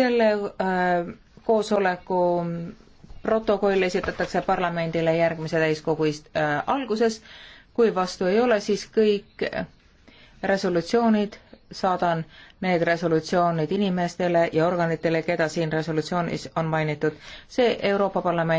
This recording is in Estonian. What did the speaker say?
selle äh, koosoleku protokoll esitatakse parlamendile järgmise täiskogu ist- äh,, alguses. kui vastu ei ole, siis kõik resolutsioonid, saadan need resolutsioonid inimestele ja organitele, keda siin resolutsioonis on mainitud. see Euroopa Parlamendi